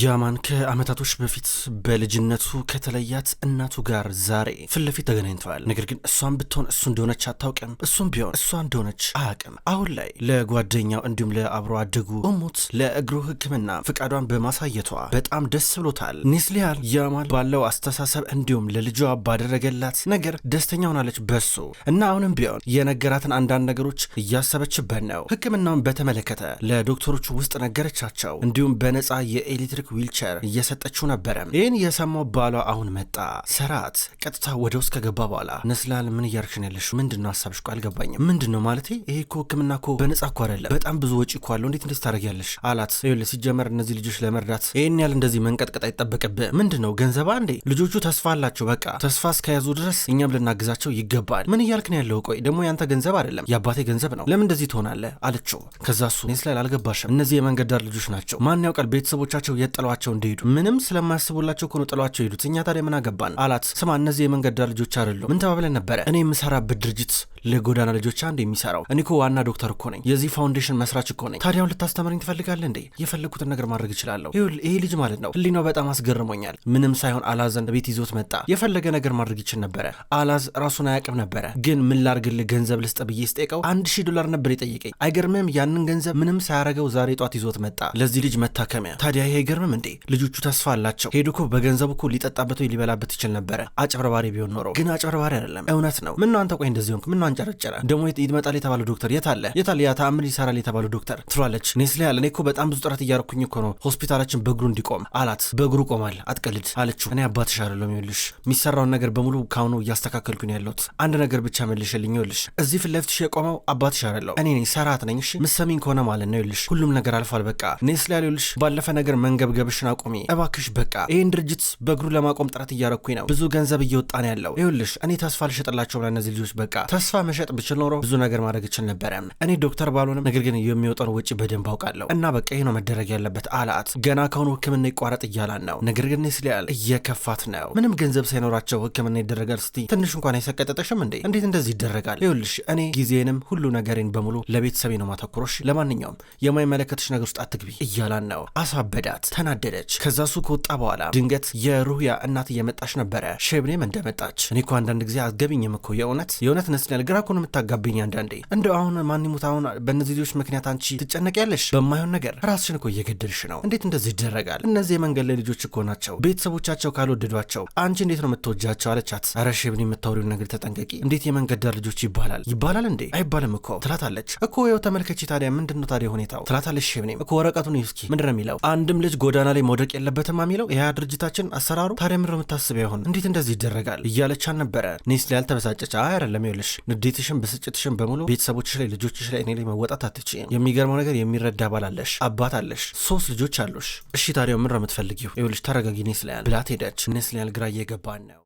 ያማን ከአመታቶች በፊት በልጅነቱ ከተለያት እናቱ ጋር ዛሬ ፊት ለፊት ተገናኝተዋል። ነገር ግን እሷም ብትሆን እሱ እንደሆነች አታውቅም፣ እሱም ቢሆን እሷ እንደሆነች አያውቅም። አሁን ላይ ለጓደኛው እንዲሁም ለአብሮ አደጉ እሙት ለእግሩ ሕክምና ፍቃዷን በማሳየቷ በጣም ደስ ብሎታል። ኒስሊያል ያማን ባለው አስተሳሰብ እንዲሁም ለልጇ ባደረገላት ነገር ደስተኛ ሆናለች በሱ እና አሁንም ቢሆን የነገራትን አንዳንድ ነገሮች እያሰበችበት ነው። ሕክምናውን በተመለከተ ለዶክተሮቹ ውስጥ ነገረቻቸው። እንዲሁም በነፃ የኤሊት ኤሌክትሪክ ዊልቸር እየሰጠችው ነበረ። ይህን የሰማው ባሏ አሁን መጣ። ሰራት ቀጥታ ወደ ውስጥ ከገባ በኋላ ነስላል ምን እያርክሽን ያለሽ ምንድነው? ሀሳብሽ እኮ አልገባኝም። ምንድነው ማለት? ይሄ እኮ ህክምና እኮ በነጻ እኮ አይደለም፣ በጣም ብዙ ወጪ እኮ አለው። እንዴት እንደዚህ ታደርጊያለሽ? አላት። ይኸውልህ ሲጀመር እነዚህ ልጆች ለመርዳት ይህን ያህል እንደዚህ መንቀጥቀጥ አይጠበቅብህ። ምንድነው ገንዘባ እንዴ? ልጆቹ ተስፋ አላቸው። በቃ ተስፋ እስከያዙ ድረስ እኛም ልናግዛቸው ይገባል። ምን እያልክ ነው ያለው? ቆይ ደግሞ ያንተ ገንዘብ አይደለም የአባቴ ገንዘብ ነው። ለምን እንደዚህ ትሆናለህ? አለችው። ከዛ እሱ ነስላል አልገባሽም፣ እነዚህ የመንገድ ዳር ልጆች ናቸው። ማን ያውቃል ቤተሰቦቻቸው ድንገት ጥሏቸው እንደሄዱ ምንም ስለማያስቡላቸው ከሆነ ጥሏቸው ሄዱት። እኛ ታዲያ ምን አገባን አላት። ስማ እነዚህ የመንገድ ዳር ልጆች አይደሉም። ምን ተባብለን ነበረ? እኔ የምሰራበት ድርጅት ለጎዳና ልጆች አንድ የሚሰራው እኔ እኮ ዋና ዶክተር እኮ ነኝ። የዚህ ፋውንዴሽን መስራች እኮ ነኝ። ታዲያውን ልታስተምረኝ ትፈልጋለህ እንዴ? የፈለግኩትን ነገር ማድረግ እችላለሁ። ይሄ ልጅ ማለት ነው ህሊናው በጣም አስገርሞኛል። ምንም ሳይሆን አላዘን ቤት ይዞት መጣ። የፈለገ ነገር ማድረግ ይችል ነበረ። አላዝ ራሱን አያውቅም ነበረ። ግን ምን ላርግልህ ገንዘብ ልስጥ ብዬ ስጠይቀው አንድ ሺህ ዶላር ነበር የጠየቀኝ። አይገርምም? ያንን ገንዘብ ምንም ሳያረገው ዛሬ ጧት ይዞት መጣ ለዚህ ልጅ መታከሚያ። ታዲያ ይሄ አይገርምም እንዴ? ልጆቹ ተስፋ አላቸው። ሄዱ እኮ በገንዘብ እኮ ሊጠጣበት ወይ ሊበላበት ይችል ነበረ፣ አጭበርባሪ ቢሆን ኖሮ። ግን አጭበርባሪ አይደለም፣ እውነት ነው። ምነው አንተ ቆይ እንደዚህ ሆንክ? ምነው አንጨረጨረ? ደግሞ ይመጣል የተባለው ዶክተር የት አለ? የት አለ? ያ ተአምር ይሰራል የተባለው ዶክተር ትሏለች። ኔስሊ አለ እኔ እኮ በጣም ብዙ ጥረት እያረኩኝ እኮ ነው ሆስፒታላችን በእግሩ እንዲቆም አላት። በእግሩ ቆማል፣ አትቀልድ አለችው። እኔ አባትሽ አይደለሁም፣ ይኸውልሽ የሚሰራውን ነገር በሙሉ ካሁኑ እያስተካከልኩ ነው ያለሁት። አንድ ነገር ብቻ መልሽልኝ፣ ይኸውልሽ እዚህ ፊት ለፊትሽ የቆመው አባትሽ አይደለሁም እኔ ነኝ፣ ሰራት ነኝ። እሺ ምሰሚኝ ከሆነ ማለት ነው ይኸውልሽ ሁሉም ነገር አልፏል። በቃ ኔስሊ አለ ይኸውልሽ ባለፈ ነገር መንገ ማንገብገብሽን አቁሚ እባክሽ። በቃ ይህን ድርጅት በእግሩ ለማቆም ጥረት እያረኩኝ ነው። ብዙ ገንዘብ እየወጣ ነው ያለው። ይኸውልሽ እኔ ተስፋ ልሸጥላቸው ለእነዚህ ልጆች በቃ ተስፋ መሸጥ ብችል ኖሮ ብዙ ነገር ማድረግ እችል ነበረ። እኔ ዶክተር ባልሆንም ነገር ግን የሚወጣውን ወጪ በደንብ አውቃለሁ። እና በቃ ይህ ነው መደረግ ያለበት አላት። ገና ከአሁኑ ሕክምና ይቋረጥ እያላን ነው። ነገር ግን ስሊያል እየከፋት ነው። ምንም ገንዘብ ሳይኖራቸው ሕክምና ይደረጋል። ስቲ ትንሽ እንኳን አይሰቀጠጠሽም እንዴ? እንዴት እንደዚህ ይደረጋል? ይኸውልሽ እኔ ጊዜንም ሁሉ ነገሬን በሙሉ ለቤተሰቤ ነው ማተኩሮሽ። ለማንኛውም የማይመለከትሽ ነገር ውስጥ አትግቢ እያላን ነው። አሳበዳት ተናደደች። ከዛ ሱ ከወጣ በኋላ ድንገት የሩህያ እናት እየመጣች ነበረ። ሸብኔም እንደመጣች እኔ እኮ አንዳንድ ጊዜ አትገቢኝም እኮ የእውነት የእውነት ነስኛል ግራ እኮ ነው የምታጋቢኝ አንዳንዴ። እንደው አሁን ማንሙት አሁን በእነዚህ ልጆች ምክንያት አንቺ ትጨነቂያለሽ በማይሆን ነገር። ራስሽን እኮ እየገደልሽ ነው። እንዴት እንደዚህ ይደረጋል? እነዚህ የመንገድ ላይ ልጆች እኮ ናቸው። ቤተሰቦቻቸው ካልወደዷቸው አንቺ እንዴት ነው የምትወጃቸው? አለቻት። ኧረ ሸብኔ የምታወሪውን ነገር ተጠንቀቂ። እንዴት የመንገድ ዳር ልጆች ይባላል ይባላል እንዴ? አይባልም እኮ ትላታለች። እኮ ይኸው ተመልከቺ ታዲያ ምንድን ነው ታዲያ ሁኔታው? ትላታለች ሸብኔም እኮ ወረቀቱን እስኪ ምንድን ነው የሚለው አንድም ልጅ ጎዳና ላይ መውደቅ የለበትም የሚለው የሀያ ድርጅታችን አሰራሩ ታዲያ ምድር የምታስበ ይሆን እንዴት እንደዚህ ይደረጋል እያለች ነበረ። ኔስሊ ያልተበሳጨች አይ አይደለም፣ ይኸውልሽ ንዴትሽን ብስጭትሽን በሙሉ ቤተሰቦችሽ ላይ ልጆችሽ ላይ እኔ ላይ መወጣት አትችይም። የሚገርመው ነገር የሚረዳ ባል አለሽ፣ አባት አለሽ፣ ሶስት ልጆች አሉሽ። እሺ ታዲያ ምድር የምትፈልጊው ይኸውልሽ፣ ተረጋጊ ኔስሊ ብላት ሄደች። ኔስሊ ግራ እየገባን ነው።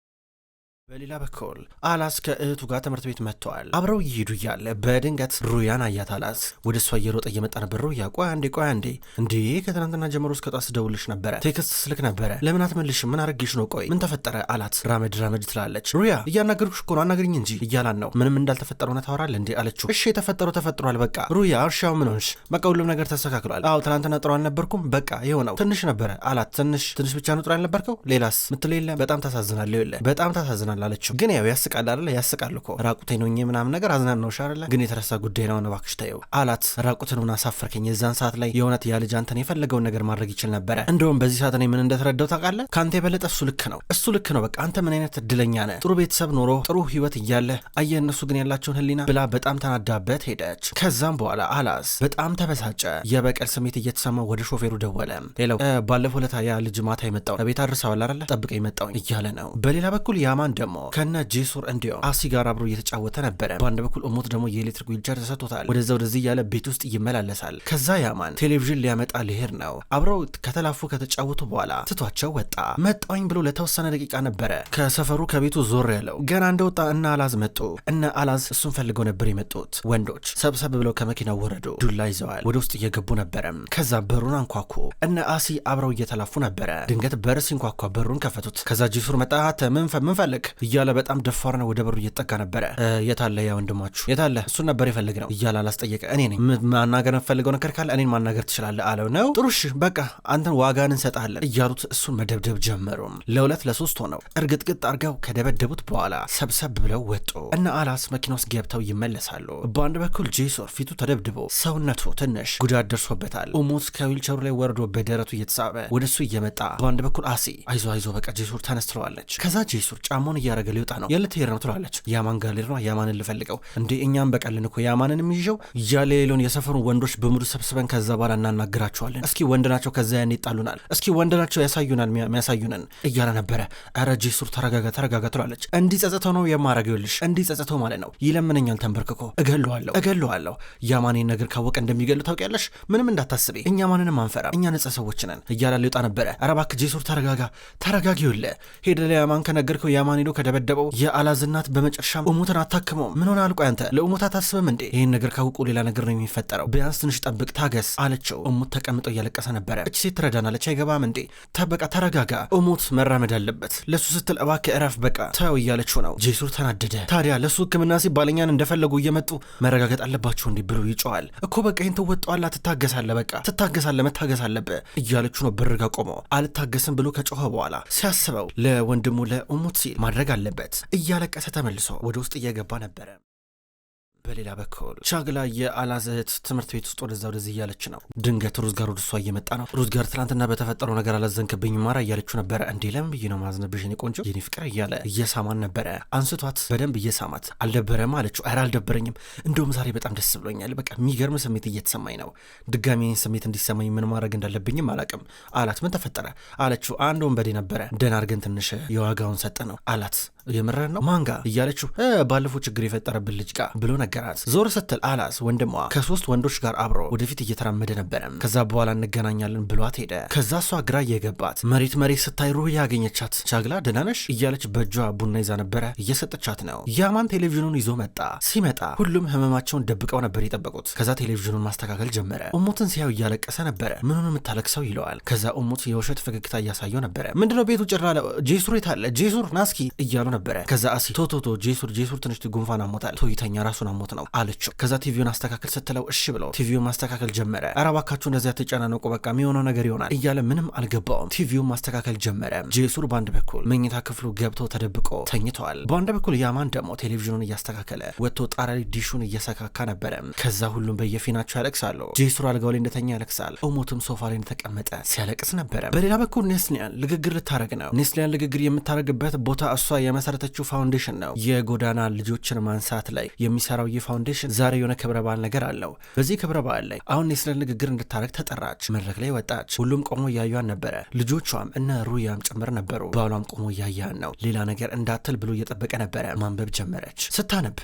በሌላ በኩል አላስ ከእህቱ ጋር ትምህርት ቤት መጥተዋል። አብረው እየሄዱ እያለ በድንገት ሩያን አያት። አላስ ወደ እሷ እየሮጠ እየመጣ ነበር። ሩያ ቆይ አንዴ ቆይ አንዴ፣ እንዴ ከትናንትና ጀምሮ እስከ ጣስ ደውልሽ ነበረ፣ ቴክስት ስልክ ነበረ፣ ለምን አትመልሽ? ምን አረግሽ ነው? ቆይ ምን ተፈጠረ? አላት። ራመድ ራመድ ትላለች። ሩያ እያናገርኩሽ እኮ ነው፣ አናግሪኝ እንጂ እያላን ነው። ምንም እንዳልተፈጠረ እውነት ታወራለህ እንዴ አለችው። እሺ የተፈጠረው ተፈጥሯል፣ በቃ ሩያ እርሻው ምን ሆንሽ? በቃ ሁሉም ነገር ተስተካክሏል። አዎ ትናንትና ጥሩ አልነበርኩም፣ በቃ ይኸው ነው። ትንሽ ነበረ አላት። ትንሽ ትንሽ ብቻ ነው ጥሩ ያልነበርከው፣ ሌላስ ምትል የለ። በጣም ታሳዝናል፣ የለ በጣም ታሳዝናለ። የለ በጣም ታሳዝናለ ይሆናል አለችው። ግን ያው ያስቃል አለ ያስቃል እኮ ራቁቴ ነው ምናምን ነገር አዝናናውሽ አለ ግን የተረሳ ጉዳይ ነው እባክሽ ተይው አላት። ራቁትን ሆና አሳፈርከኝ። የዛን ሰዓት ላይ የእውነት ያ ልጅ አንተን የፈለገውን ነገር ማድረግ ይችል ነበረ። እንደውም በዚህ ሰዓት እኔ ምን እንደተረዳው ታውቃለህ? ከአንተ የበለጠ እሱ ልክ ነው እሱ ልክ ነው። በቃ አንተ ምን አይነት እድለኛ ነህ፣ ጥሩ ቤተሰብ ኖሮ ጥሩ ህይወት እያለ አየህ እነሱ ግን ያላቸውን ህሊና ብላ በጣም ተናዳበት ሄደች። ከዛም በኋላ አላስ በጣም ተበሳጨ። የበቀል ስሜት እየተሰማው ወደ ሾፌሩ ደወለ። ሌላው ባለፈው ለታ ያ ልጅ ማታ የመጣው ቤት አድርሰዋል አይደለ ጠብቀ የመጣው እያለ ነው። በሌላ በኩል ያማን ደግሞ ከነ ጄሶር እንዲሁም አሲ ጋር አብሮ እየተጫወተ ነበረ። በአንድ በኩል እሞት ደግሞ የኤሌክትሪክ ዊልቸር ተሰጥቶታል። ወደዛ ወደዚህ እያለ ቤት ውስጥ ይመላለሳል። ከዛ ያማን ቴሌቪዥን ሊያመጣ ሊሄድ ነው። አብረው ከተላፉ ከተጫወቱ በኋላ ትቷቸው ወጣ። መጣኝ ብሎ ለተወሰነ ደቂቃ ነበረ ከሰፈሩ ከቤቱ ዞር ያለው። ገና እንደወጣ እነ አላዝ መጡ። እነ አላዝ እሱን ፈልገው ነበር የመጡት። ወንዶች ሰብሰብ ብለው ከመኪና ወረዱ። ዱላ ይዘዋል። ወደ ውስጥ እየገቡ ነበረም። ከዛ በሩን አንኳኩ። እነ አሲ አብረው እየተላፉ ነበረ። ድንገት በር ሲንኳኳ በሩን ከፈቱት። ከዛ ጂሱር መጣ። ምን ፈልግ እያለ በጣም ነው። ወደ በሩ እየጠጋ ነበረ። የታለ ያ ወንድማችሁ የታለ? እሱን ነበር የፈልግ ነው እያለ አላስጠየቀ። እኔ ነኝ ማናገር የምፈልገው ነገር ካለ እኔን ማናገር ትችላለህ አለው። ነው ጥሩሽ፣ በቃ አንተን ዋጋን እንሰጣለን እያሉት እሱን መደብደብ ጀመሩ። ለሁለት ለሶስት ሆነው እርግጥግጥ አድርገው ከደበደቡት በኋላ ሰብሰብ ብለው ወጡ እና አላስ መኪና ውስጥ ገብተው ይመለሳሉ። በአንድ በኩል ጄሶን ፊቱ ተደብድቦ ሰውነቱ ትንሽ ጉዳት ደርሶበታል። ኦሞት ከዊልቸሩ ላይ ወርዶ በደረቱ እየተሳበ ወደሱ እየመጣ በአንድ በኩል አሲ አይዞ አይዞ በቃ ጄሱር ተነስትለዋለች። ከዛ ጄሱር ጫማውን እያደረገ ሊወጣ ነው የለት ሄር ነው ትለዋለች። ያማን ጋር ልሄድ ነው ያማንን ልፈልገው እንዴ እኛም በቀልን እኮ ያማንን የሚይዘው እያለ ሌሎን የሰፈሩን ወንዶች በሙሉ ሰብስበን ከዛ በኋላ እናናግራቸዋለን። እስኪ ወንድ ናቸው ከዛ ያን ይጣሉናል። እስኪ ወንድ ናቸው ያሳዩናል የሚያሳዩንን እያለ ነበረ። ኧረ ጄሱር ተረጋጋ ተረጋጋ ትሏለች። እንዲጸጽተው ነው የማረገው ልሽ ጸጸተው ማለት ነው። ይለምነኛል ተንበርክኮ እገለዋለሁ እገለዋለሁ። ያማኔን ነገር ካወቀ እንደሚገሉ ታውቂያለሽ። ምንም እንዳታስቤ እኛ ማንንም አንፈራም እኛ ነጻ ሰዎች ነን እያለ ሊወጣ ነበረ። ኧረ እባክህ ጄሱር ተረጋጋ ተረጋጊውለ ሄደ ለያማን ከነገርከው ያማን ሄዶ ከደበደበው የአላዝ እናት በመጨረሻም እሙትን አታክመውም። ምን ሆነ አልቆ ያንተ ለእሙት አታስብም እንዴ? ይህን ነገር ካውቁ ሌላ ነገር ነው የሚፈጠረው። ቢያንስ ትንሽ ጠብቅ፣ ታገስ አለችው። እሙት ተቀምጦ እያለቀሰ ነበረ። እች ሴት ትረዳናለች፣ አይገባም እንዴ? ተበቃ፣ ተረጋጋ። እሙት መራመድ አለበት። ለሱ ስትል እባክህ እረፍ፣ በቃ ተው እያለችው ነው። ጄሱር ተናደደ። ታዲያ ለሱ ህክምና ሲባለኛን እንደፈለጉ እየመጡ መረጋገጥ አለባቸው እንዴ? ብሎ ይጮዋል እኮ በቃ ይህን ትወጣዋለህ። ትታገሳለህ፣ በቃ ትታገሳለህ፣ መታገስ አለብህ እያለችው ነው። ብርጋ አልታገስም ብሎ ከጮኸ በኋላ ሲያስበው ለወንድሙ ለእሙት ሲል ማድረግ ማድረግ አለበት። እያለቀሰ ተመልሶ ወደ ውስጥ እየገባ ነበረ። በሌላ በኩል ቻግላ የአላዝ እህት ትምህርት ቤት ውስጥ ወደዛ ወደዚህ እያለች ነው። ድንገት ሩዝ ጋር ወደ እሷ እየመጣ ነው። ሩዝ ጋር ትናንትና በተፈጠረው ነገር አላዘንክብኝ ማራ እያለችው ነበረ። እንዴ ለምን ብዬ ነው ማዝነብሽ የኔ ቆንጆ የኔ ፍቅር እያለ እየሳማን ነበረ። አንስቷት በደንብ እየሳማት አልደበረም አለችው። ኧረ አልደበረኝም፣ እንደውም ዛሬ በጣም ደስ ብሎኛል። በቃ የሚገርም ስሜት እየተሰማኝ ነው። ድጋሚ ስሜት እንዲሰማኝ ምን ማድረግ እንዳለብኝም አላቅም አላት። ምን ተፈጠረ አለችው። አንድ ወንበዴ ነበረ ደህና አድርገን ትንሽ የዋጋውን ሰጠ ነው አላት። የምረን ነው ማንጋ እያለችው ባለፈው ችግር የፈጠረብን ልጅ ቃ ብሎ ነገራት። ዞር ስትል አላስ ወንድሟ ከሶስት ወንዶች ጋር አብሮ ወደፊት እየተራመደ ነበረም። ከዛ በኋላ እንገናኛለን ብሏት ሄደ። ከዛ እሷ ግራ እየገባት መሬት መሬት ስታይ ሩህ ያገኘቻት ቻግላ ደህና ነሽ እያለች በእጇ ቡና ይዛ ነበረ እየሰጠቻት ነው። ያማን ቴሌቪዥኑን ይዞ መጣ። ሲመጣ ሁሉም ህመማቸውን ደብቀው ነበር የጠበቁት። ከዛ ቴሌቪዥኑን ማስተካከል ጀመረ። እሙትን ሲያው እያለቀሰ ነበረ። ምኑን የምታለቅሰው ይለዋል። ከዛ እሙት የውሸት ፈገግታ እያሳየው ነበረ። ምንድነው ቤቱ ጭራ ጄሱር የታለ ጄሱር ናስኪ እያሉ ነበረ። ከዛ አሲ ቶቶቶ ጄሱር ጄሱር ትንሽ ጉንፋን አሞታል ቶ ራሱን አሞት ነው አለችው። ከዛ ቲቪውን አስተካከል ስትለው እሺ ብለው ቲቪውን ማስተካከል ጀመረ። ኧረ እባካችሁ እንደዚያ ተጨናነቁ፣ በቃ የሚሆነው ነገር ይሆናል እያለ ምንም አልገባውም። ቲቪውን ማስተካከል ጀመረ። ጄሱር በአንድ በኩል መኝታ ክፍሉ ገብቶ ተደብቆ ተኝተዋል። በአንድ በኩል ያማን ደግሞ ቴሌቪዥኑን እያስተካከለ ወጥቶ ጣራ ላይ ዲሹን እየሰካካ ነበረ። ከዛ ሁሉም በየፊናቸው ያለቅሳሉ። ጄሱር አልጋው ላይ እንደተኛ ያለቅሳል። እሞትም ሶፋ ላይ እንደተቀመጠ ሲያለቅስ ነበረ። በሌላ በኩል ኔስሊያን ንግግር ልታረግ ነው። ኔስሊያን ንግግር የምታረግበት ቦታ እሷ የመሰረተችው ፋውንዴሽን ነው። የጎዳና ልጆችን ማንሳት ላይ የሚሰራው ይህ ፋውንዴሽን ዛሬ የሆነ ክብረ በዓል ነገር አለው። በዚህ ክብረ በዓል ላይ አሁን የስለ ንግግር እንድታደረግ ተጠራች። መድረክ ላይ ወጣች። ሁሉም ቆሞ እያዩን ነበረ። ልጆቿም እነ ሩያም ጭምር ነበሩ። ባሏም ቆሞ እያያን ነው። ሌላ ነገር እንዳትል ብሎ እየጠበቀ ነበረ። ማንበብ ጀመረች። ስታነብ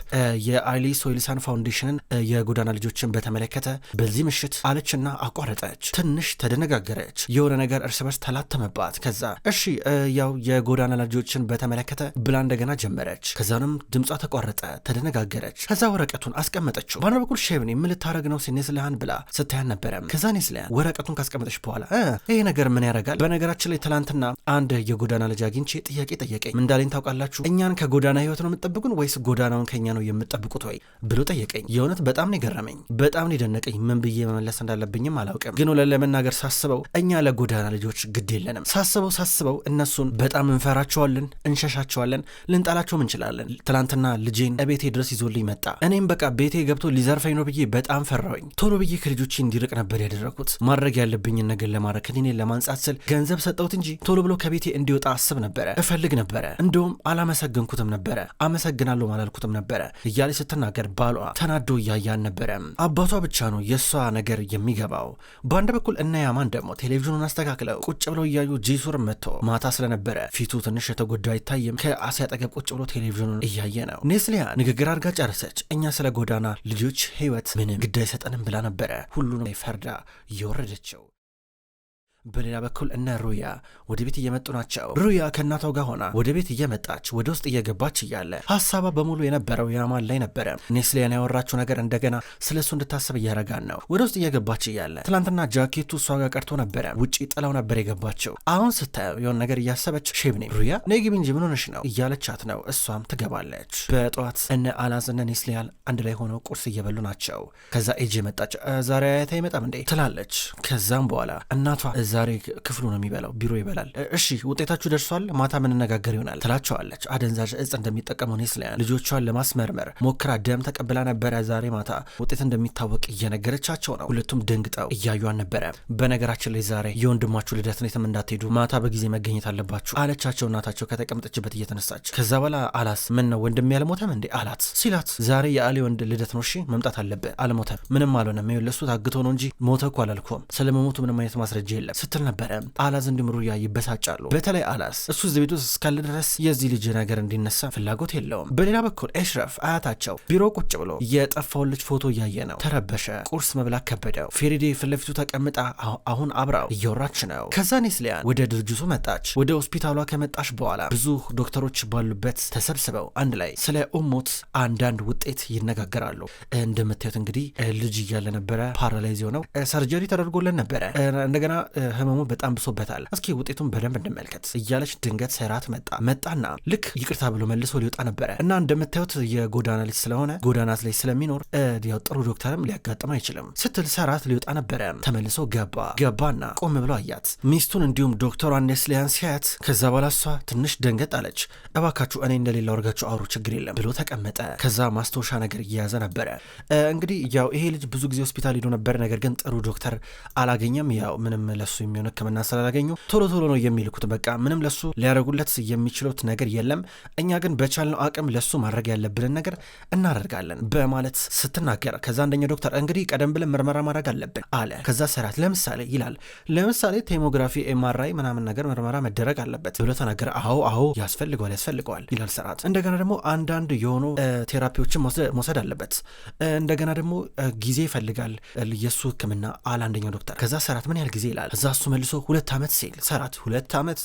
የአይሊ ሶይልሳን ፋውንዴሽንን የጎዳና ልጆችን በተመለከተ በዚህ ምሽት አለችና አቋረጠች። ትንሽ ተደነጋገረች። የሆነ ነገር እርስ በርስ ተላተመባት። ከዛ እሺ ያው የጎዳና ልጆችን በተመለከተ ብላ እንደገና ጀመረች። ከዛንም ድምጿ ተቋረጠ። ተደነጋገረች። ከዛ ወረቀቱን አስቀመጠችው። በአንድ በኩል ሼብኒ ምን ነው ኔስሊሃን ብላ ስታያን ነበረም። ከዛ ኔስሊሃን ወረቀቱን ካስቀመጠች በኋላ ይሄ ነገር ምን ያደርጋል? በነገራችን ላይ ትላንትና አንድ የጎዳና ልጅ አግኝቼ ጥያቄ ጠየቀኝ። ምን እንዳለኝ ታውቃላችሁ? እኛን ከጎዳና ህይወት ነው የምጠብቁን ወይስ ጎዳናውን ከኛ ነው የምጠብቁት ወይ ብሎ ጠየቀኝ። የእውነት በጣም ነው የገረመኝ፣ በጣም ነው የደነቀኝ። ምን ብዬ መመለስ እንዳለብኝም አላውቅም። ግን ለ ለመናገር ሳስበው እኛ ለጎዳና ልጆች ግድ የለንም። ሳስበው ሳስበው እነሱን በጣም እንፈራቸዋለን፣ እንሸሻቸዋለን እንችላለን፣ ልንጠላቸውም እንችላለን። ትላንትና ልጄን እቤቴ ድረስ ይዞልኝ መጣ። እኔም በቃ ቤቴ ገብቶ ሊዘርፈኝ ነው ብዬ በጣም ፈራውኝ ቶሎ ብዬ ከልጆቼ እንዲርቅ ነበር ያደረኩት። ማድረግ ያለብኝን ነገር ለማድረግ ህሊኔን ለማንጻት ስል ገንዘብ ሰጠሁት እንጂ ቶሎ ብሎ ከቤቴ እንዲወጣ አስብ ነበረ፣ እፈልግ ነበረ። እንደውም አላመሰገንኩትም ነበረ፣ አመሰግናለሁም አላልኩትም ነበረ እያለች ስትናገር ባሏ ተናዶ እያያን ነበረ። አባቷ ብቻ ነው የእሷ ነገር የሚገባው። በአንድ በኩል እነ ያማን ደግሞ ቴሌቪዥኑን አስተካክለው ቁጭ ብለው እያዩ ጂሱር መጥቶ ማታ ስለነበረ ፊቱ ትንሽ የተጎዳ አይታይም። ከአሴ አጠገብ ቁጭ ብሎ ቴሌቪዥኑን እያየ ነው። ኔስሊያ ንግግር አድርጋ ጨርሰች። እኛ ስለ ጎዳና ልጆች ህይወት ምንም ግድ አይሰጠንም ብላ ነበረ ሁሉንም ፈርዳ እየወረደችው በሌላ በኩል እነ ሩያ ወደ ቤት እየመጡ ናቸው። ሩያ ከእናቷ ጋር ሆና ወደ ቤት እየመጣች ወደ ውስጥ እየገባች እያለ ሀሳቧ በሙሉ የነበረው ያማን ላይ ነበረ። ኔስሊያን ያወራችው ነገር እንደገና ስለ እሱ እንድታሰብ እያረጋን ነው። ወደ ውስጥ እየገባች እያለ ትናንትና ጃኬቱ እሷ ጋር ቀርቶ ነበረ፣ ውጪ ጥላው ነበር የገባችው። አሁን ስታየው የሆን ነገር እያሰበች ሼብኒ ሩያ ነግቢ እንጂ ምን ሆነሽ ነው እያለቻት ነው። እሷም ትገባለች። በጠዋት እነ አላዝ እነ ኔስሊያን አንድ ላይ ሆነው ቁርስ እየበሉ ናቸው። ከዛ ኤጅ መጣች። ዛሬ አያታ አይመጣም እንዴ ትላለች። ከዛም በኋላ እናቷ እዛ ዛሬ ክፍሉ ነው የሚበላው፣ ቢሮ ይበላል። እሺ ውጤታችሁ ደርሷል፣ ማታ ምንነጋገር ይሆናል ትላቸዋለች። አደንዛዥ እጽ እንደሚጠቀሙ ኔስሊያን ልጆቿን ለማስመርመር ሞክራ ደም ተቀብላ ነበረ። ዛሬ ማታ ውጤት እንደሚታወቅ እየነገረቻቸው ነው። ሁለቱም ደንግጠው እያዩን ነበረ። በነገራችን ላይ ዛሬ የወንድማችሁ ልደት ነው፣ የትም እንዳትሄዱ፣ ማታ በጊዜ መገኘት አለባችሁ አለቻቸው። እናታቸው ከተቀምጠችበት እየተነሳች ከዛ በኋላ አላስ ምን ነው ወንድሜ አልሞተም እንዴ አላት ሲላት፣ ዛሬ የአሌ ወንድ ልደት ነው፣ እሺ መምጣት አለብህ። አልሞተም፣ ምንም አልሆነም፣ ይኸውልህ ታግቶ ነው እንጂ ሞተ እኮ አላልኩም። ስለመሞቱ ምንም አይነት ማስረጃ የለም ስትል ነበረ። አላዝ እንዲሁም ሩያ ይበሳጫሉ። በተለይ አላዝ እሱ እዚህ ቤት ውስጥ እስካለ ድረስ የዚህ ልጅ ነገር እንዲነሳ ፍላጎት የለውም። በሌላ በኩል ኤሽረፍ አያታቸው ቢሮ ቁጭ ብሎ የጠፋውን ልጅ ፎቶ እያየ ነው። ተረበሸ። ቁርስ መብላ ከበደው። ፌሬዴ ፊት ለፊቱ ተቀምጣ አሁን አብራው እየወራች ነው። ከዛ ኔስሊያን ወደ ድርጅቱ መጣች። ወደ ሆስፒታሏ ከመጣች በኋላ ብዙ ዶክተሮች ባሉበት ተሰብስበው አንድ ላይ ስለ ኡሞት አንዳንድ ውጤት ይነጋገራሉ። እንደምታዩት እንግዲህ ልጅ እያለ ነበረ ፓራላይዝ የሆነው ሰርጀሪ ተደርጎለን ነበረ። እንደገና ህመሙ በጣም ብሶበታል። እስኪ ውጤቱን በደንብ እንመልከት እያለች ድንገት ሰራት መጣ መጣና ልክ ይቅርታ ብሎ መልሶ ሊወጣ ነበረ እና እንደምታዩት የጎዳና ልጅ ስለሆነ ጎዳናት ላይ ስለሚኖር ያው ጥሩ ዶክተርም ሊያጋጥም አይችልም ስትል ሰራት ሊወጣ ነበረ። ተመልሶ ገባ ገባና ቆም ብሎ አያት ሚስቱን እንዲሁም ዶክተር ኔስሊያን ሲያያት ከዛ በኋላ እሷ ትንሽ ደንገጥ አለች። እባካችሁ እኔ እንደሌላ ወርጋችሁ አውሩ ችግር የለም ብሎ ተቀመጠ። ከዛ ማስታወሻ ነገር እየያዘ ነበረ። እንግዲህ ያው ይሄ ልጅ ብዙ ጊዜ ሆስፒታል ሄዶ ነበር፣ ነገር ግን ጥሩ ዶክተር አላገኘም። ያው ምንም ለሱ ለሱ የሚሆን ሕክምና ስላላገኙ ቶሎ ቶሎ ነው የሚልኩት። በቃ ምንም ለሱ ሊያደርጉለት የሚችሉት ነገር የለም። እኛ ግን በቻልነው አቅም ለሱ ማድረግ ያለብንን ነገር እናደርጋለን በማለት ስትናገር፣ ከዛ አንደኛው ዶክተር እንግዲህ ቀደም ብለን ምርመራ ማድረግ አለብን አለ። ከዛ ሰራት ለምሳሌ ይላል ለምሳሌ ቴሞግራፊ፣ ኤምአርአይ ምናምን ነገር ምርመራ መደረግ አለበት ብሎ ተናገረ። አዎ አዎ ያስፈልገዋል ያስፈልገዋል ይላል ሰራት። እንደገና ደግሞ አንዳንድ የሆኑ ቴራፒዎችን መውሰድ አለበት። እንደገና ደግሞ ጊዜ ይፈልጋል የእሱ ህክምና አለ አንደኛው ዶክተር። ከዛ ሰራት ምን ያህል ጊዜ ይላል። ከዛ እሱ መልሶ ሁለት ዓመት ሲል ሰራት ሁለት ዓመት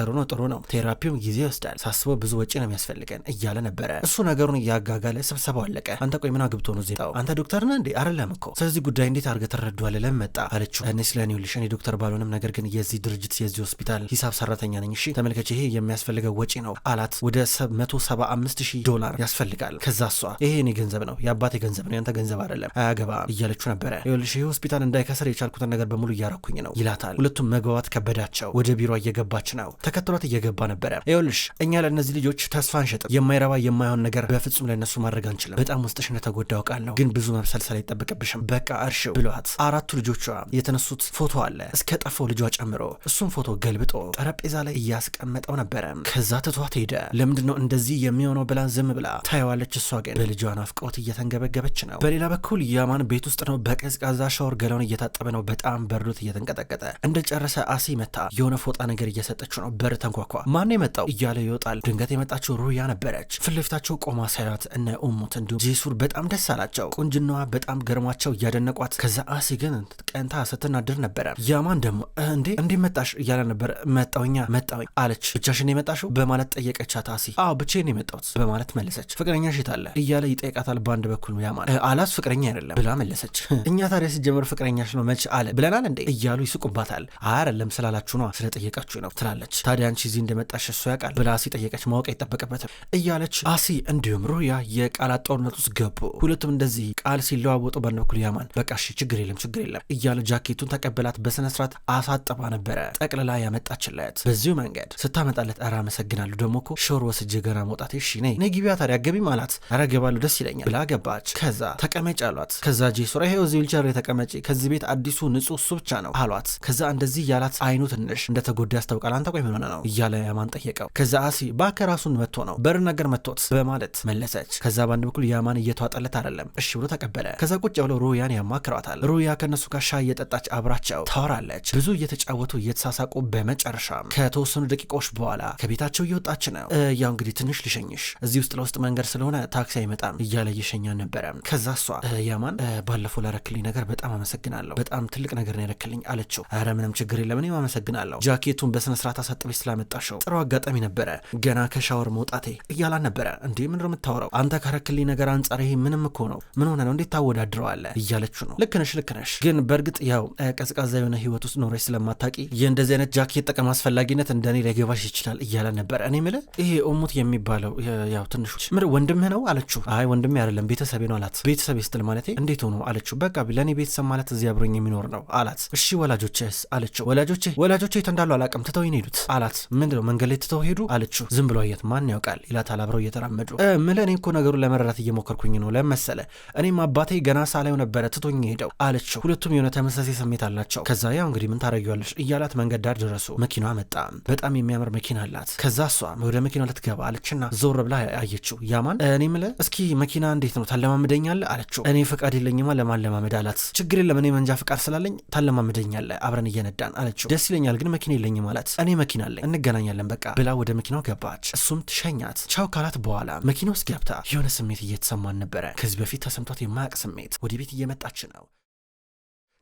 ጥሩ ነው ጥሩ ነው፣ ቴራፒውም ጊዜ ይወስዳል፣ ሳስበው ብዙ ወጪ ነው የሚያስፈልገን እያለ ነበረ። እሱ ነገሩን እያጋጋለ ስብሰባው አለቀ። አንተ ቆይ ምን አግብቶ ነው ዜጣው? አንተ ዶክተር ነህ እንዴ? አይደለም እኮ ስለዚህ ጉዳይ እንዴት አድርገህ ትረዳዋለህ? ለምን መጣ አለችው። እኔ ስለ ኒውሊሽ እኔ ዶክተር ባልሆንም ነገር ግን የዚህ ድርጅት የዚህ ሆስፒታል ሂሳብ ሰራተኛ ነኝ። እሺ ተመልከች፣ ይሄ የሚያስፈልገው ወጪ ነው አላት። ወደ 175 ሺህ ዶላር ያስፈልጋል። ከዛ እሷ ይሄ እኔ ገንዘብ ነው የአባቴ ገንዘብ ነው ያንተ ገንዘብ አይደለም፣ አያገባ እያለችው ነበረ። ይኸውልሽ ይህ ሆስፒታል እንዳይከሰር የቻልኩትን ነገር በሙሉ እያረኩኝ ነው ይላታል። ይላታል። ሁለቱም መግባባት ከበዳቸው። ወደ ቢሮ እየገባች ነው። ተከትሏት እየገባ ነበረ። ይኸውልሽ እኛ ለእነዚህ ልጆች ተስፋ አንሸጥም። የማይረባ የማይሆን ነገር በፍጹም ለእነሱ ማድረግ አንችልም። በጣም ውስጥሽ እንደተጎዳ አውቃለሁ፣ ግን ብዙ መብሰልሰል አይጠበቅብሽም። በቃ እርሺው ብሏት አራቱ ልጆቿ የተነሱት ፎቶ አለ እስከ ጠፋው ልጇ ጨምሮ እሱም ፎቶ ገልብጦ ጠረጴዛ ላይ እያስቀመጠው ነበረ። ከዛ ትቷት ሄደ። ለምንድን ነው እንደዚህ የሚሆነው ብላ ዝም ብላ ታየዋለች። እሷ ግን በልጇ ናፍቆት እየተንገበገበች ነው። በሌላ በኩል ያማን ቤት ውስጥ ነው። በቀዝቃዛ ሻወር ገላውን እየታጠበ ነው። በጣም በርዶት እየተንቀጠቀጠ እንደጨረሰ አሴ መታ የሆነ ፎጣ ነገር እየሰጠችው ነው። በር ተንኳኳ። ማን የመጣው እያለ ይወጣል። ድንገት የመጣችው ሩያ ነበረች። ፊት ለፊታቸው ቆማ ሳያት እነ ኡሙት እንዲሁም ጄሱር በጣም ደስ አላቸው። ቁንጅናዋ በጣም ገርሟቸው እያደነቋት፣ ከዛ አሴ ግን ቀንታ ስትናደር ነበረ። ያማን ደግሞ እንዴ እንዴ መጣሽ እያለ ነበር። መጣውኛ መጣውኝ አለች። ብቻሽን የመጣሽው በማለት ጠየቀቻት። አሴ አዎ ብቻዬን የመጣሁት በማለት መለሰች። ፍቅረኛ ሽታለ እያለ ይጠይቃታል። በአንድ በኩል ያማን ፍቅረኛ አይደለም ብላ መለሰች። እኛ ታዲያ ሲጀምር ፍቅረኛሽ ነው መች አለ ብለናል እንዴ እያሉ ይስቁባት ይላታል። አይደለም ስላላችሁ ነዋ ስለጠየቃችሁ ነው ትላለች። ታዲያ አንቺ እዚህ እንደመጣሽ እሱ ያውቃል ብላ አሲ ጠየቀች። ማወቅ አይጠበቅበትም እያለች አሲ እንዲሁም ሩያ የቃላት ጦርነት ውስጥ ገቡ። ሁለቱም እንደዚህ ቃል ሲለዋወጡ በአንድ በኩል ያማን በቃ እሺ ችግር የለም ችግር የለም እያለ ጃኬቱን ተቀበላት። በስነስርዓት አሳጥባ ነበረ ጠቅልላ ያመጣችለት። በዚሁ መንገድ ስታመጣለት ኧረ አመሰግናለሁ ደግሞ እኮ ሾር ወስጄ ገና መውጣት ሺ ነ እኔ ግቢያ ታዲያ ገቢ ማላት ኧረ እገባለሁ ደስ ይለኛል ብላ ገባች። ከዛ ተቀመጭ አሏት። ከዛ ጄሱራ ይኸው እዚህ ዊልቸር የተቀመጪ ከዚህ ቤት አዲሱ ንጹህ እሱ ብቻ ነው አሏት። ከዛ እንደዚህ እያላት አይኑ ትንሽ እንደተጎዳ ያስታውቃል። አንተ ቆይ ምን ሆነ ነው እያለ ያማን ጠየቀው። ከዛ አሲ ባከ ራሱን መጥቶ ነው በር ነገር መጥቶት በማለት መለሰች። ከዛ በአንድ በኩል ያማን እየተዋጠለት አይደለም፣ እሺ ብሎ ተቀበለ። ከዛ ቁጭ ብለው ሩያን ያማክሯታል። ሩያ ከእነሱ ጋር ሻይ እየጠጣች አብራቸው ታወራለች። ብዙ እየተጫወቱ እየተሳሳቁ፣ በመጨረሻም ከተወሰኑ ደቂቃዎች በኋላ ከቤታቸው እየወጣች ነው። ያው እንግዲህ ትንሽ ልሸኝሽ፣ እዚህ ውስጥ ለውስጥ መንገድ ስለሆነ ታክሲ አይመጣም እያለ እየሸኛ ነበረ። ከዛ እሷ ያማን ባለፈው ላረክልኝ ነገር በጣም አመሰግናለሁ፣ በጣም ትልቅ ነገር ነው ያረክልኝ አለችው። ኧረ ምንም ችግር የለም እኔም አመሰግናለሁ። ጃኬቱን በስነስርዓት አሳጥቤ ስላመጣሸው ጥሩ አጋጣሚ ነበረ። ገና ከሻወር መውጣቴ እያላን ነበረ። እንዴ ምንድ የምታወራው አንተ ከረክልኝ ነገር አንጻር ይሄ ምንም እኮ ነው። ምን ሆነ ነው እንዴት ታወዳድረዋለ እያለች ነው። ልክነሽ ልክነሽ፣ ግን በእርግጥ ያው ቀዝቃዛ የሆነ ህይወት ውስጥ ኖረች ስለማታቂ የእንደዚህ አይነት ጃኬት ጥቅም አስፈላጊነት እንደኔ ላይገባሽ ይችላል እያለ ነበረ። እኔ ምለ ይሄ ኦሙት የሚባለው ያው ትንሾች ምር ወንድምህ ነው አለችው። አይ ወንድሜ አይደለም ቤተሰቤ ነው አላት። ቤተሰቤ ስትል ማለት እንዴት ሆኖ አለችው። በቃ ለእኔ ቤተሰብ ማለት እዚህ አብሮኝ የሚኖር ነው አላት። እሺ ወላጆች ልመለስ አለችው። ወላጆቼ ወላጆቼ የት እንዳሉ አላቅም ትተው ሄዱት አላት። ምንድነው መንገድ ላይ ትተው ሄዱ አለችው። ዝም ብሎ የት ማን ያውቃል ይላታል። አብረው እየተራመዱ ምለ። እኔ እኮ ነገሩን ለመረዳት እየሞከርኩኝ ነው ለመሰለ እኔም አባቴ ገና ሳላዩ ነበረ ትቶኝ ሄደው አለችው። ሁለቱም የሆነ ተመሳሳይ ስሜት አላቸው። ከዛ ያው እንግዲህ ምን ታደርጊዋለሽ እያላት መንገድ ዳር ደረሱ። መኪና መጣ። በጣም የሚያምር መኪና አላት። ከዛ እሷ ወደ መኪናው ልትገባ አለችና ዞር ብላ አየችው። ያማን እኔ ምለ እስኪ መኪና እንዴት ነው ታለማምደኛለህ አለችው። እኔ ፈቃድ የለኝማ ለማለማመድ አላት። ችግር የለም እኔ መንጃ ፈቃድ ስላለኝ ታለማምደኛለህ አብረ አብረን እየነዳን አለችው። ደስ ይለኛል ግን መኪና የለኝ ማለት እኔ መኪና አለኝ እንገናኛለን በቃ ብላ ወደ መኪናው ገባች። እሱም ትሸኛት ቻው ካላት በኋላ መኪና ውስጥ ገብታ የሆነ ስሜት እየተሰማን ነበረ። ከዚህ በፊት ተሰምቷት የማያውቅ ስሜት ወደ ቤት እየመጣች ነው።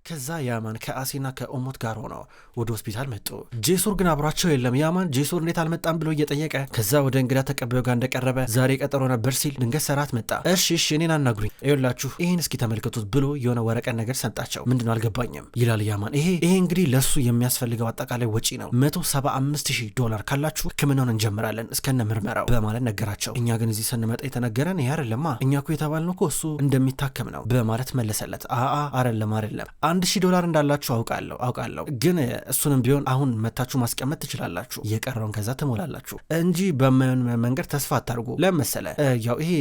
ከዛ ያማን ከአሴና ከኦሞት ጋር ሆነው ወደ ሆስፒታል መጡ። ጄሱር ግን አብሯቸው የለም። ያማን ጄሱር እንዴት አልመጣም ብሎ እየጠየቀ ከዛ ወደ እንግዳ ተቀባዩ ጋር እንደቀረበ ዛሬ ቀጠሮ ነበር ሲል ድንገት ሰራት መጣ። እሺ እሺ እኔን አናግሩኝ፣ ይኸውላችሁ ይህን እስኪ ተመልከቱት ብሎ የሆነ ወረቀት ነገር ሰጣቸው። ምንድነው አልገባኝም ይላል ያማን። ይሄ ይሄ እንግዲህ ለእሱ የሚያስፈልገው አጠቃላይ ወጪ ነው። መቶ ሰባ አምስት ሺህ ዶላር ካላችሁ ህክምናውን እንጀምራለን እስከነ ምርመራው በማለት ነገራቸው። እኛ ግን እዚህ ስንመጣ የተነገረን ይሄ አይደለማ፣ እኛ እኮ የተባልነው እኮ እሱ እንደሚታከም ነው በማለት መለሰለት። አአ አይደለም አይደለም አንድ ሺህ ዶላር እንዳላችሁ አውቃለሁ አውቃለሁ፣ ግን እሱንም ቢሆን አሁን መታችሁ ማስቀመጥ ትችላላችሁ፣ የቀረውን ከዛ ትሞላላችሁ እንጂ በማይሆን መንገድ ተስፋ አታርጉ። ለመሰለ ያው ይሄ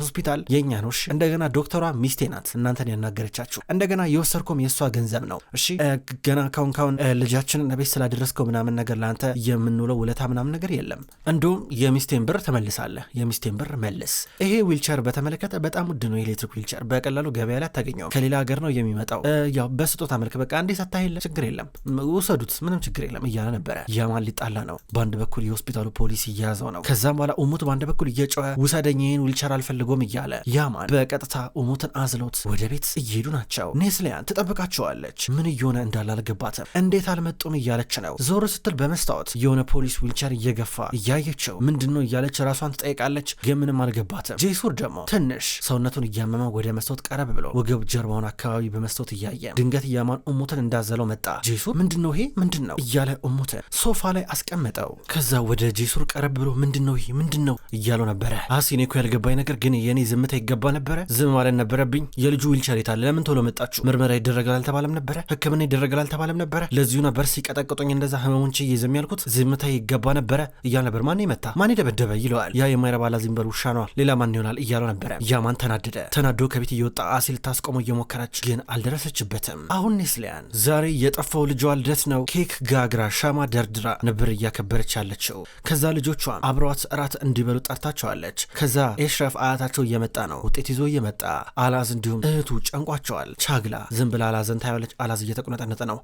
ሆስፒታል የእኛ ነው። እንደገና ዶክተሯ ሚስቴ ናት፣ እናንተን ያናገረቻችሁ። እንደገና የወሰድኩም የእሷ ገንዘብ ነው። እሺ ገና ካሁን ካሁን ልጃችንን ቤት ስላደረስከው ምናምን ነገር ለአንተ የምንውለው ውለታ ምናምን ነገር የለም። እንዲሁም የሚስቴን ብር ትመልሳለህ፣ የሚስቴን ብር መልስ። ይሄ ዊልቸር በተመለከተ በጣም ውድ ነው። ኤሌክትሪክ ዊልቸር በቀላሉ ገበያ ላይ አታገኘውም። ከሌላ ሀገር ነው የሚመጣው ያው በስጦታ መልክ በቃ ሰታ የለም ችግር የለም ውሰዱት፣ ምንም ችግር የለም እያለ ነበረ። ያማን ሊጣላ ነው። በአንድ በኩል የሆስፒታሉ ፖሊስ እያያዘው ነው። ከዛም በኋላ ኡሙት በአንድ በኩል እየጮኸ ውሰደኝ፣ ይህን ዊልቸር አልፈልጎም እያለ ያማን በቀጥታ ኡሙትን አዝሎት ወደ ቤት እየሄዱ ናቸው። ኔስሊያን ትጠብቃቸዋለች። ምን እየሆነ እንዳለ አልገባትም። እንዴት አልመጡም እያለች ነው። ዞር ስትል በመስታወት የሆነ ፖሊስ ዊልቸር እየገፋ እያየችው ምንድን ነው እያለች ራሷን ትጠይቃለች። ግን ምንም አልገባትም። ጄሱር ደግሞ ትንሽ ሰውነቱን እያመመ ወደ መስታወት ቀረብ ብሎ ወገብ ጀርባውን አካባቢ በመስታወት እያየ ድንገት እያማን እሙትን እንዳዘለው መጣ። ጄሱር ምንድን ነው ይሄ ምንድን ነው እያለ እሙትን ሶፋ ላይ አስቀመጠው። ከዛ ወደ ጄሱር ቀረብ ብሎ ምንድን ነው ይሄ ምንድን ነው እያለው ነበረ። አሲ እኔ እኮ ያልገባኝ ነገር ግን የእኔ ዝምታ ይገባ ነበረ። ዝም ማለት ነበረብኝ። የልጁ ዊልቸር የታለ? ለምን ቶሎ መጣችሁ? ምርመራ ይደረጋል አልተባለም ነበረ? ህክምና ይደረጋል አልተባለም ነበረ? ለዚሁ ነበር ሲቀጠቅጦኝ እንደዛ ህመሙን ችዬ ዝም ያልኩት። ዝምታ ይገባ ነበረ እያለ ነበር። ማን መታ? ማን ደበደበ? ይለዋል። ያ የማይረባ ላዚምበል ውሻ ነዋል። ሌላ ማን ይሆናል እያለው ነበረ። ያማን ተናደደ። ተናዶ ከቤት እየወጣ አሲ ልታስቆመው እየሞከረች ግን አልደረሰችበት። አልተመለሰም። አሁን ኔስሊያን ዛሬ የጠፋው ልጇ ልደት ነው። ኬክ ጋግራ ሻማ ደርድራ ነበር እያከበረች ያለችው። ከዛ ልጆቿን አብረዋት እራት እንዲበሉ ጠርታቸዋለች። ከዛ ኤሽረፍ አያታቸው እየመጣ ነው፣ ውጤት ይዞ እየመጣ አላዝ እንዲሁም እህቱ ጨንቋቸዋል። ቻግላ ዝም ብላ አላዘን ታያለች። አላዝ እየተቆነጠነጠ ነው።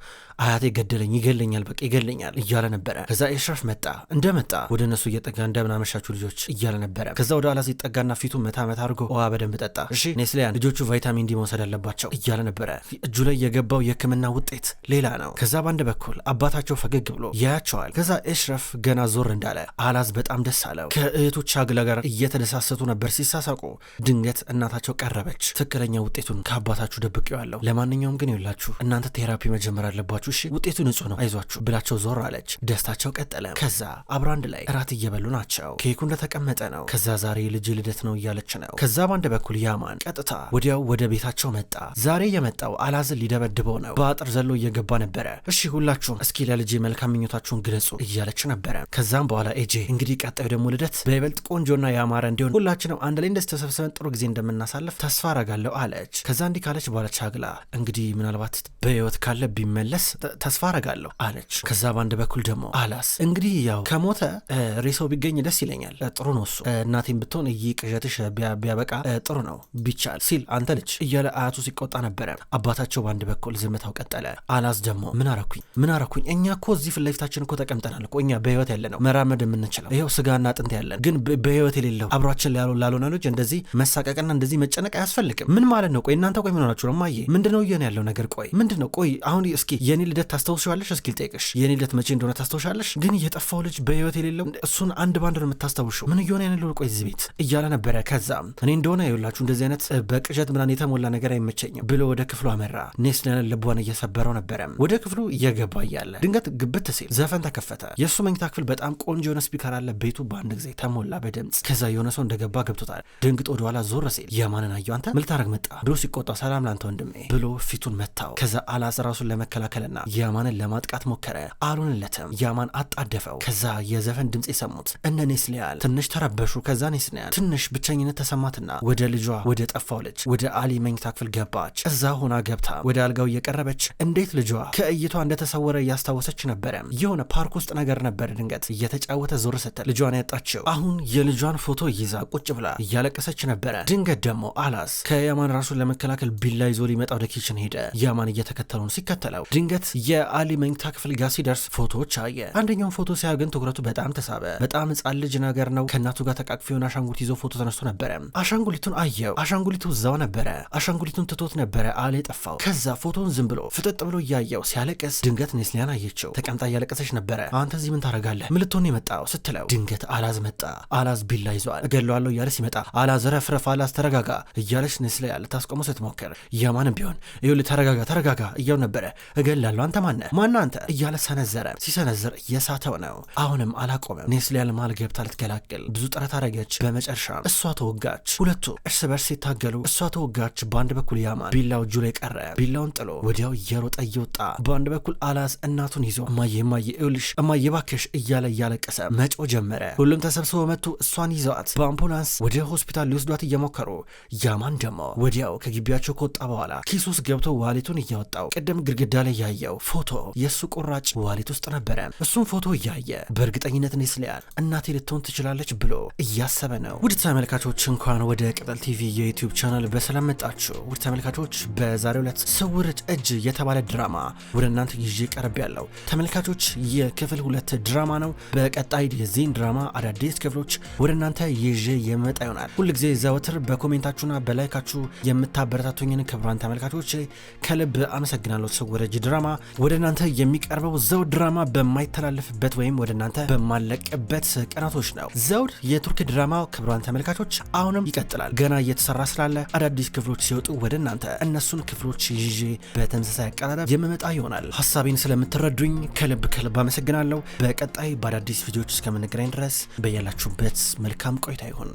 አያቴ ገደለኝ፣ ይገለኛል፣ በቃ ይገለኛል እያለ ነበረ። ከዛ ኤሽረፍ መጣ። እንደመጣ ወደ እነሱ እየጠጋ እንደምናመሻችሁ ልጆች እያለ ነበረ። ከዛ ወደ አላዝ ይጠጋና ፊቱ መታ መታ አድርጎ ውሃ በደንብ ጠጣ፣ እሺ ኔስሊያን ልጆቹ ቫይታሚን ዲ መውሰድ አለባቸው እያለ ነበረ እጁ ላይ የገባው የህክምና ውጤት ሌላ ነው። ከዛ በአንድ በኩል አባታቸው ፈገግ ብሎ ያያቸዋል። ከዛ እሽረፍ ገና ዞር እንዳለ አላዝ በጣም ደስ አለው። ከእህቱ ቻግላ ጋር እየተደሳሰቱ ነበር ሲሳሳቁ፣ ድንገት እናታቸው ቀረበች። ትክክለኛ ውጤቱን ከአባታችሁ ደብቄዋለሁ። ለማንኛውም ግን የላችሁ እናንተ ቴራፒ መጀመር አለባችሁ። እሺ ውጤቱ ንጹህ ነው፣ አይዟችሁ ብላቸው ዞር አለች። ደስታቸው ቀጠለ። ከዛ አብረ አንድ ላይ እራት እየበሉ ናቸው። ኬኩ እንደተቀመጠ ነው። ከዛ ዛሬ ልጅ ልደት ነው እያለች ነው። ከዛ በአንድ በኩል ያማን ቀጥታ ወዲያው ወደ ቤታቸው መጣ። ዛሬ የመጣው አላዝን ሊደበድበው ነው። በአጥር ዘሎ እየገባ ነበረ። እሺ ሁላችሁም እስኪ ለልጄ መልካም ምኞታችሁን ግለጹ እያለች ነበረ። ከዛም በኋላ ኤጄ እንግዲህ ቀጣዩ ደግሞ ልደት በይበልጥ ቆንጆና ያማረ እንዲሆን ሁላችንም አንድ ላይ እንደዚህ ተሰብስበን ጥሩ ጊዜ እንደምናሳልፍ ተስፋ አረጋለሁ አለች። ከዛ እንዲህ ካለች በኋላ ቻግላ እንግዲህ ምናልባት በህይወት ካለ ቢመለስ ተስፋ አረጋለሁ አለች። ከዛ በአንድ በኩል ደግሞ አላስ እንግዲህ ያው ከሞተ ሬሳው ቢገኝ ደስ ይለኛል፣ ጥሩ ነው እሱ እናቴም ብትሆን እይ ቅዠትሽ ቢያበቃ ጥሩ ነው ቢቻል ሲል አንተ ልጅ እያለ አያቱ ሲቆጣ ነበረ። አባታቸው በአንድ በኩል ዝምታው ቀጠለ። አላዝ ደግሞ ምን አረኩኝ? ምን አረኩኝ? እኛ እኮ እዚህ ፊት ለፊታችን እኮ ተቀምጠናል እኮ እኛ በህይወት ያለ ነው መራመድ የምንችለው ይኸው ስጋና አጥንት ያለን፣ ግን በህይወት የሌለው አብሯችን ላልሆነ ልጅ እንደዚህ መሳቀቅና እንደዚህ መጨነቅ አያስፈልግም። ምን ማለት ነው? ቆይ እናንተ ቆይ ምን ሆናችሁ ነው? እማዬ ምንድን ነው እየሆነ ያለው ነገር? ቆይ ምንድን ነው? ቆይ አሁን እስኪ የኔ ልደት ታስታውሻለሽ? እስኪ ልጠይቅሽ፣ የኔ ልደት መቼ እንደሆነ ታስታውሻለሽ? ግን የጠፋው ልጅ በህይወት የሌለው እሱን አንድ ባንድ ነው የምታስታውሽው። ምን እየሆነ ያለ ቆይ እዚህ ቤት እያለ ነበረ። ከዛም እኔ እንደሆነ ይኸውላችሁ እንደዚህ አይነት በቅዠት ምናምን የተሞላ ነገር አይመቸኝም ብሎ ወደ ክፍሉ አመራ። ኔስሊንን ልቧን እየሰበረው ነበረ። ወደ ክፍሉ እየገባ እያለ ድንገት ግብት ሲል ዘፈን ተከፈተ። የእሱ መኝታ ክፍል በጣም ቆንጆ የሆነ ስፒከር አለ። ቤቱ በአንድ ጊዜ ተሞላ በድምፅ። ከዛ የሆነ ሰው እንደገባ ገብቶታል። ድንግጥ ወደኋላ ዞር ሲል የማንን አየሁ። አንተ ምን መጣ ብሎ ሲቆጣ ሰላም ላንተ ወንድሜ ብሎ ፊቱን መታው። ከዛ አላዝ ራሱን ለመከላከልና ያማንን ለማጥቃት ሞከረ። አልሆንለትም። ያማን አጣደፈው። ከዛ የዘፈን ድምፅ የሰሙት እነ ኔስሊያል ትንሽ ተረበሹ። ከዛ ኔስሊያል ትንሽ ብቸኝነት ተሰማትና ወደ ልጇ ወደ ጠፋው ልጅ ወደ አሊ መኝታ ክፍል ገባች። እዛ ሆና ገብታ ወደ አልጋው እየቀረበች እንዴት ልጇ ከእይቷ እንደተሰወረ እያስታወሰች ነበረ። የሆነ ፓርክ ውስጥ ነገር ነበር። ድንገት እየተጫወተ ዞር ስትል ልጇን ያጣችው። አሁን የልጇን ፎቶ ይዛ ቁጭ ብላ እያለቀሰች ነበረ። ድንገት ደግሞ አላስ ከያማን ራሱን ለመከላከል ቢላ ይዞ ሊመጣ ወደ ኪችን ሄደ። ያማን እየተከተለውን ሲከተለው ድንገት የአሊ መኝታ ክፍል ጋር ሲደርስ ፎቶዎች አየ። አንደኛውን ፎቶ ሲያ ግን ትኩረቱ በጣም ተሳበ። በጣም ህፃን ልጅ ነገር ነው። ከእናቱ ጋር ተቃቅፎ የሆነ አሻንጉሊት ይዞ ፎቶ ተነስቶ ነበረ። አሻንጉሊቱን አየው። አሻንጉሊቱ እዛው ነበረ። አሻንጉሊቱን ትቶት ነበረ አሊ ጠፋው ከዛ ከዛ ፎቶን ዝም ብሎ ፍጥጥ ብሎ እያየው ሲያለቀስ ድንገት ኔስሊያን አየችው። ተቀምጣ እያለቀሰች ነበረ። አንተ እዚህ ምን ታረጋለህ? ምን ልትሆን የመጣው ስትለው ድንገት አላዝ መጣ። አላዝ ቢላ ይዟል። እገለዋለሁ እያለ ሲመጣ አላዝ ረፍረፍ፣ አላዝ ተረጋጋ እያለች ኔስሊያ ልታስቆመው ስትሞክር ያማንም ቢሆን ይኸውልህ ተረጋጋ ተረጋጋ እያው ነበረ። እገላለሁ አንተ ማነህ ማነህ አንተ እያለ ሰነዘረ። ሲሰነዝር እየሳተው ነው። አሁንም አላቆመም። ኔስሊያ ልማል ገብታ ልትገላግል ብዙ ጥረት አረገች። በመጨረሻ እሷ ተወጋች። ሁለቱ እርስ በርስ ሲታገሉ እሷ ተወጋች። በአንድ በኩል ያማን ቢላው እጁ ላይ ቀረ። ቢላ ኬላውን ጥሎ ወዲያው እየሮጠ እየወጣ በአንድ በኩል አላዝ እናቱን ይዞ እማዬ እማዬ እውልሽ እማዬ ባክሽ እያለ እያለቀሰ መጮ ጀመረ። ሁሉም ተሰብስቦ መጥቶ እሷን ይዘዋት በአምቡላንስ ወደ ሆስፒታል ሊወስዷት እየሞከሩ ያማን ደግሞ ወዲያው ከግቢያቸው ከወጣ በኋላ ኪስ ውስጥ ገብቶ ዋሌቱን እያወጣው ቅድም ግድግዳ ላይ ያየው ፎቶ የእሱ ቁራጭ ዋሌት ውስጥ ነበረ። እሱም ፎቶ እያየ በእርግጠኝነት ኔስሊያን እናቴ ልትሆን ትችላለች ብሎ እያሰበ ነው። ውድ ተመልካቾች እንኳን ወደ ቅጠል ቲቪ የዩቲዩብ ቻናል በሰላም መጣችሁ። ውድ ተመልካቾች በዛሬው ዕለት ስውር እጅ የተባለ ድራማ ወደ እናንተ ይዤ ቀርብ ያለው ተመልካቾች የክፍል ሁለት ድራማ ነው። በቀጣይ የዚህን ድራማ አዳዲስ ክፍሎች ወደ እናንተ ይዤ የመጣ ይሆናል። ሁልጊዜ ዘወትር በኮሜንታችሁና በላይካችሁ የምታበረታቱኝን ክብራን ተመልካቾች ከልብ አመሰግናለሁ። ስውር እጅ ድራማ ወደ እናንተ የሚቀርበው ዘውድ ድራማ በማይተላለፍበት ወይም ወደ እናንተ በማለቅበት ቀናቶች ነው። ዘውድ የቱርክ ድራማ ክብራን ተመልካቾች አሁንም ይቀጥላል። ገና እየተሰራ ስላለ አዳዲስ ክፍሎች ሲወጡ ወደ እናንተ እነሱን ክፍሎች ይዤ በተመሳሳይ አቀራረብ የምመጣ ይሆናል። ሀሳቤን ስለምትረዱኝ ከልብ ከልብ አመሰግናለሁ። በቀጣይ በአዳዲስ ቪዲዮዎች እስከምንገናኝ ድረስ በያላችሁበት መልካም ቆይታ ይሁን።